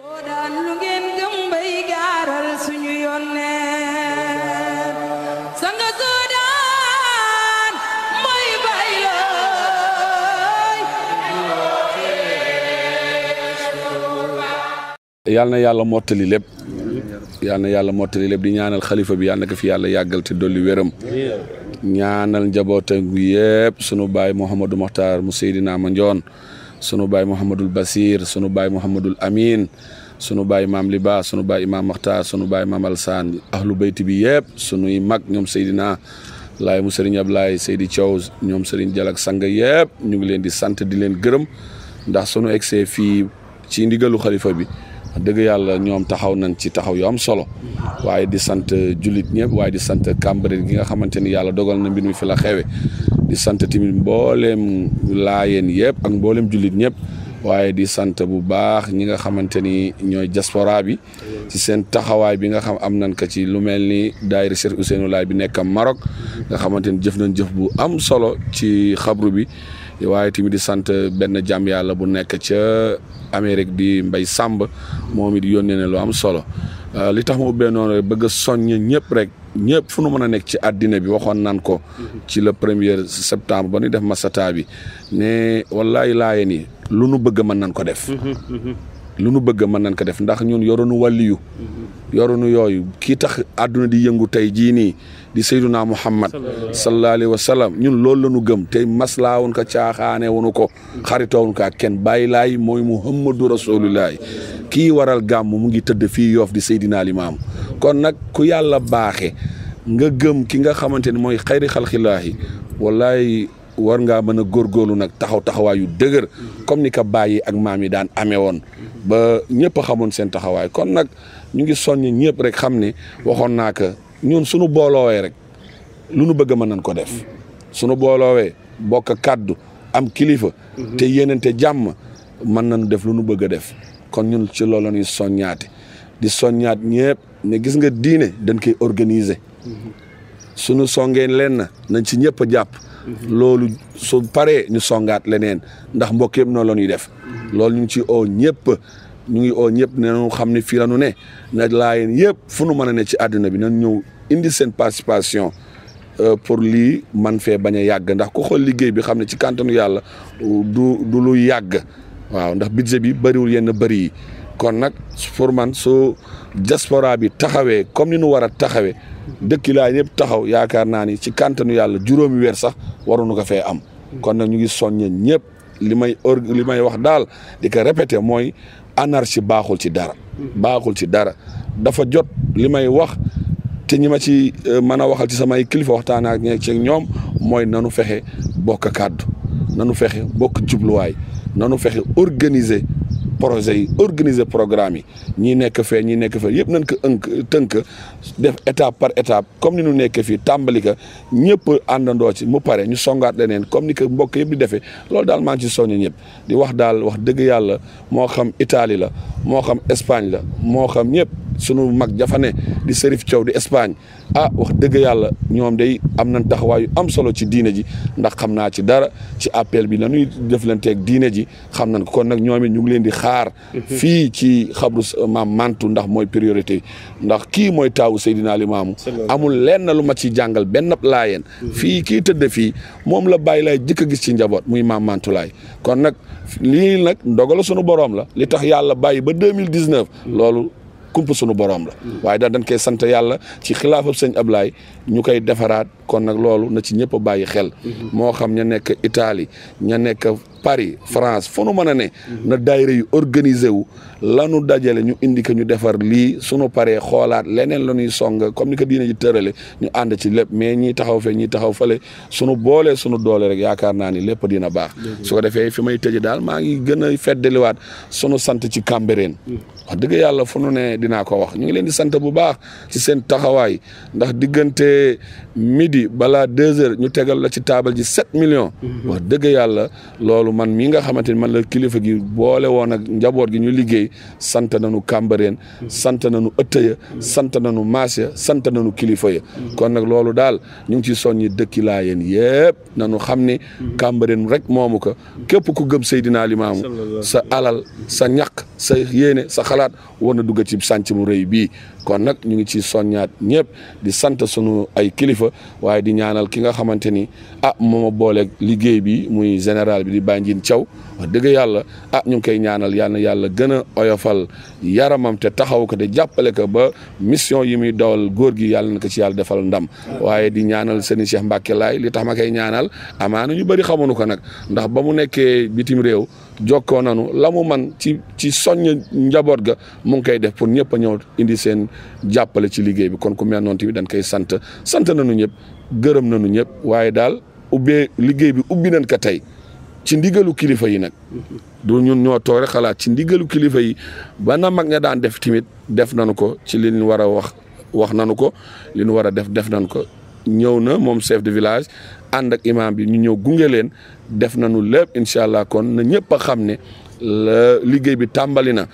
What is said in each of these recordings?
soo daan lu ngeen gëm bay yàlla mottali lépp yal na yàlla mottali lépp di ñaanal xalifa bi yal na fi yàlla yàggal te dolli wéram ñaanal njabootam gi yëpp sunu baay Mouhamadou Mokhtar mu Seydina Ma Njoon sunu baay Mouhamadul Basir sunu baay Mouhamadul Amin sunu baay maam Liba sunu baay imaam Maxtaar sunu baay maam Alsaan ahlu bayti bi yëpp sunuy mag ñoom Seydina laay mu Serigne Ablaye Seydi cow ñoom Serigne Jal ak sang yëpp ñu ngi leen di sant di leen gërëm ndax sunu egsee fii ci ndigalu xalifa bi dëgg yàlla ñoom taxaw nañ ci taxaw yu am solo waaye di sant jullit ñëpp waaye di sant Cambérène gi nga xamante ni yàlla dogal na mbir mi fi xewe di sante tamit mboolem layen yëpp ak mboolem julit ñëpp waye di sante bu baax ñi nga xamanteni ñoy diaspora bi ci seen taxaway bi nga xam am nañ ka ci lu melni daire Cheikh Ousseynou lay bi Maroc nga xamanteni jëf nañ jëf bu am solo ci xabru bi waye tamit di sante ben jam yalla bu nek ci amerique di Mbay samba momit yonene lu am solo li tax mo ubbee non rek bëgg rek ñëpp fu nu mën a nekk ci àddina bi waxoon nan ko ci le premier septembre ba ñuy def masata bi ne wallaay laaye ni lu nu bëgg mën nan ko def lu nu bëgg mën nan ko def ndax ñun yoronu wàlliyu yorunu yooyu kii tax àdduna di yëngu tey jii nii di sayduna muhammad sallallahu alayhi wa sallam ñun loolu la nu gëm tey maslaa wun ko caaxaane wunu ko xaritoowun ko ak kenn bàyyi laay mooy muhammadu rasulullahi kii waral gàmm mu ngi tëdd fii yoof di saydina limaam kon nag ku yàlla baaxe nga gëm ki nga xamante ni mooy xayri xalqilaahi wallaay war ngaa mën a góorgóorlu nag taxaw taxawaay yu dëgër comme ni ko bàyyi ak maam yi daan amee woon ba ñëpp xamoon seen taxawaay kon nag ñu ngi soññ ñëpp rek xam ne waxoon naa ko ñun suñu booloowee rek lu nu bëgg mën nañ ko def sunu booloowee bokk kàddu am kilifa te yéenante jàmm mën nañu def lu nu bëgg a def kon ñun ci loolu ñuy soññaate di soññaat ñëpp ne gis nga diine dañ koy organiser suñu songee leen na nañ ci ñëpp a jàpp loolu su paree ñu songaat leneen ndax mbokk yëpp noonu la ñuy def loolu ñu ngi ci oo ñëpp ñu ngi oo ñëpp ne ñu xam ne fii la ne na laayeen yëpp fu nu mën a ne ci àdduna bi nañ ñëw indi seen participation euh, pour lii man fee bañ a yàgg ndax ku xool liggéey bi xam ne ci kàntanu yàlla du du lu yàgg waaw ndax budget bi bariwul yenn bëri yi kon nag pour man su diaspora bi taxawee comme ni nu war a taxawee dëkki laa taxaw yaakaar naa ni ci kàntanu yàlla juróomi weer sax waruñu ko fee am. kon nag ñu ngi soññe ñëpp li may li may wax daal di ko répété mooy anarchie baaxul ci dara. baaxul ci dara dafa jot li may wax te ñi ma ci euh, mën a waxal ci samay kilifa waxtaan ak ñoom mooy nanu fexe bokk kàddu nanu fexe bokk jubluwaay nanu fexe organiser. projet yi organiser programme yi ñi nekk fee ñi nekk fee yëpp nan ko ënk tënk def étape par étape comme ni ñu nekkee fii tàmbali ka ñëpp àndandoo ci mu pare ñu songaat leneen comme ni ko mbokk yëpp di defee loolu daal maa ngi ci ñëpp di wax daal wax dëgg yàlla moo xam Italie la moo xam Espagne la moo xam ñëpp. sunu mag jafa ne di Serif ciow di Espagne ah wax deug yalla ñom day am nañ taxawaayu am solo ci diine ji ndax xamna ci dara ci appel bi lañuy deflante ak diine ji xam nañ ko kon nak ñom ñu ngi leen di xaar. fii ci khabru maam mantu ndax moy priorité ndax moy taw sayidina al imam amul lenn lu ma ci jangal benn layen mhm. fi ki teud fi mom la bay lay jikko gis ci njabot muy maam mantu lay kon nak li nak ndogalu sunu borom la li tax yalla bàyyi ba 2019 mhm. lolou kumpa sunu borom la. waaye daal dañ ke sant yàlla ci xilaafab sëñ ablaay ñu koy defaraat. kon nag loolu na ci ñëpp bàyyi xel mhm. moo xam ña nekk Italie ña nekk Paris France fu nu mën a ne mhm. na daayira yu organiser wu lanu dajale ñu indi ko ñu defar lii sunu paree xoolaat leneen la ñuy song comme ni ko diine ji tërale ñu ànd ci lépp mais ñii taxaw fee ñii taxaw fale sunu boolee sunu doole rek yaakaar naa ni lépp dina baax su ko defee fi may tëje daal maa ngi gën a feddaliwaat sunu sant ci Cambérène mhm. wax dëgg yàlla fu nu ne dinaa ko wax ñu ngi leen di sant bu baax ci seen taxawaay balaa deux heures ñu tegal la ci taabal ji sept million mm-hmm. wax dëgg yàlla loolu man mii nga xamante ni man la kilifa gi boole woon ak njaboot gi ñu liggéey na sant nañu Cambérène. Mm-hmm. sant nañu ëttëya mm-hmm. sant nañu maas ya sant nañu kilifa ya. kon nag loolu daal ñu ngi ciy soññi dëkki laayeen na nañu xam ni. Cambérène rek moomu ko képp ku gëm Seydina Limaamu sa alal sa ñaq sa yéene sa xalaat war na dugg ci sànc bu rëy bii kon nag ñu ngi ci soññaat ñëpp di sant sunu ay kilifa. waaye di ñaanal ki nga xamante ni ah mooma boole liggéey bi muy général bi di Bandjine Thiaw wax dëgg yàlla ah ñu ngi koy ñaanal yal na yàlla gën a oyofal yaramam te taxaw ko te jàppale ko ba mission yi muy dawal góor gi yàlla na ko ci yàlla defal ndam waaye di ñaanal sëñ Cheikh Mbacke laay li tax ma kay ñaanal na ñu bëri xamuñu ko nag ndax ba mu nekkee bitim réew jokkoo nanu la mu man ci ci soññ njaboot ga mu ngi koy def pour ñëpp a ñëw indi seen jàppale ci liggéey bi kon ku mel noonu tamit dañ koy sant sant nañu ñëpp gërëm nañu ñëpp waaye daal ubbee liggéey bi ubbi nañ ko tey ci ndigalu kilifa yi nag du ñun ñoo toog xalaat ci ndigalu kilifa yi ba na mag ña daan def tamit def nañu ko ci li ñu war a wax wax nañu ko li nu war a def def nañu ko ñëw na moom chef de village ànd ak imam bi ñu ñëw gunge leen def nañu lépp incha allah kon na ñëpp a xam ne liggéey bi tàmbali na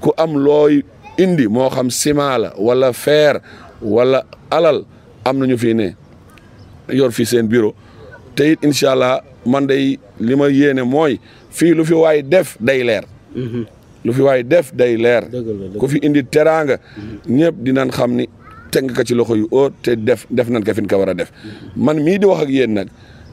ku am looy indi moo xam ciment la wala fer wala alal am na ñu fii ne yor fi seen bureau te it incha allah man day li ma yéene mooy fii lu fi waay def day leer. Mhm. lu fi waay def day leer. ku fi indi teraanga. ñëpp dinañ xam ni. teg ko ci loxo yu óor te def def nañ ko fi ñu war a def man mii di wax ak yéen nag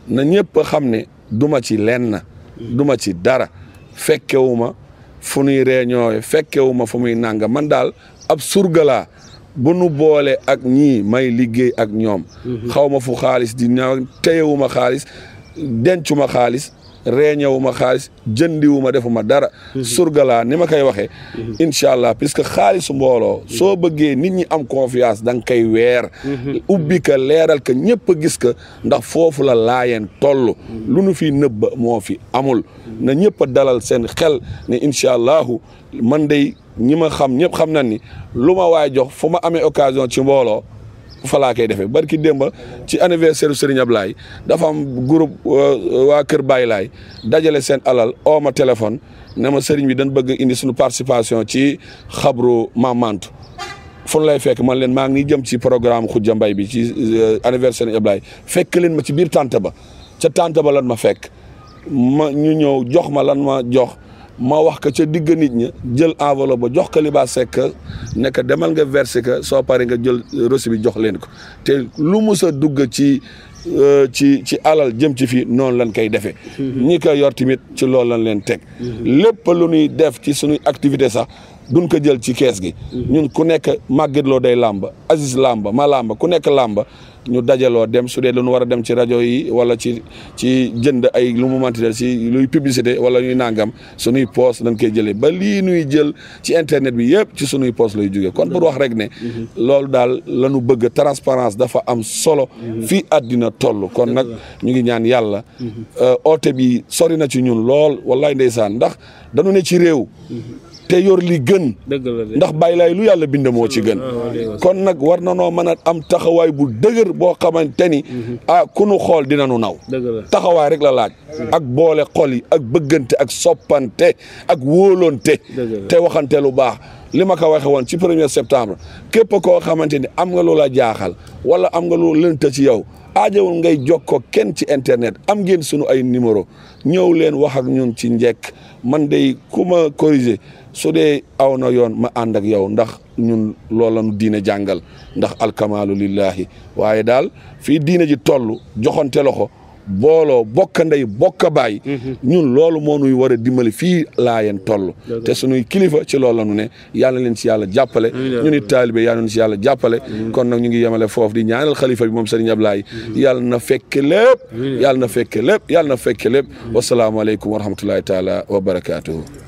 na ñëpp xam ne duma ci lenn duma ci dara fekkewuma fu nuy réunion fekkewuma fu muy nanga man daal ab surga bu nu boole ak ñi may liggéey ak ñoom mm-hmm. xaw ma fu xaalis di ñaaw teyewuma xaalis dencuma xaalis réñewu ma xaalis jëndiwu ma defu ma dara mhm. surgalaa ni ma koy waxee mhm. incha allah puisque xaalisu mbooloo mhm. soo bëggee nit ñi am confiance da nga koy weer ubbi ka leeral ka ñëpp a gis ka ndax foofu la laayeen toll lu nu fi nëbba moo fi amul na ñëpp dalal seen xel ne incha allahu man day ñi ma xam ñëpp xam na ni lu ma waay jox fu ma amee occasion ci mbooloo fa laa koy defee barki démba ci anniversaire Serigne Ablaye dafa am groupe euh, waa Kër Baye Laay dajale seen alal oo ma téléphone ne ma Serigne bi dañ bëgg indi suñu participation ci xabru Mame Mantou fun lay fekk man leen maa ngi jëm ci programme Khoudia Mbaye bi ci euh, anniversaire Serigne Ablaye fekk leen ma ci biir tante ba ca tante ba lan ma fekk ma ñu ñëw jox ma lan ma jox ma wax ko ca digg nit ña jël enveloppe ba jox ko li ba sekk ne demal nga verser ko soo paree nga jël reçu bi jox leen ko te lu mus a dugg ci euh, ci ci alal jëm ci fii noonu lañ koy defee. Mm-hmm. ñi koy yor tamit ci loolu lan leen teg. Mm-hmm. lépp lu ñuy def ci suñuy activité sax. duñ ko jël ci kees gi ñun ku nekk Maguette day làmb Aziz làmb ma làmb ku nekk làmb ñu dajaloo dem su dee lu ñu war a dem ci rajo yi wala ci ci jënd ay lu mu manti ci luy publicité wala ñu nangam sunuy poos dañ koy jëlee ba lii nuy jël ci internet bi yëpp ci sunuy poos lay jógee kon pour wax rek ne loolu daal la ñu bëgg transparence dafa am solo fii àddina toll kon nag ñu ngi ñaan yàlla mhm. euh, oote bi sori na ci ñun lool wallaay ndeysaan ndax dañu ne ci réew te yor li gën ndax bàyyi lu yàlla bind moo ci gën kon nag war na noo mën a am taxawaay bu dëgër boo xamante ni mhm. ah ku nu xool dina nu naw taxawaay rek la laaj mhm. ak boole xol yi ak bëggante ak soppante ak wóolonte te waxantee lu baax li ma ko waxee woon ci premier septembre képp koo xamante ni am nga loola jaaxal wala am nga lu lënt ci yow aajawul ngay jokkoo kenn ci internet am ngeen sunu ay numéro ñëw leen wax ak ñun ci njekk man day ku ma corriger su dee aw na yoon ma ànd ak yow ndax ñun loola nu diine jàngal ndax alkamaalu lillahi waaye daal fii diine ji toll joxante loxo booloo bokk ndey bokk baay. Mhm. ñun loolu moo nuy war a dimbali fii laayeen toll. te sunuy kilifa ci loolu la ñu ne yàlla leen si yàlla jàppale. ñu ni taalibe yàlla leen si yàlla jàppale. kon nag ñu ngi yemale foofu di ñaanal xalifa bi moom Serigne Ablaye. Mhm. yàlla na fekke lépp. yàlla na fekke lépp yàlla na fekke lépp. Mhm. wasalaamaaleykum wa rahmatulahi taala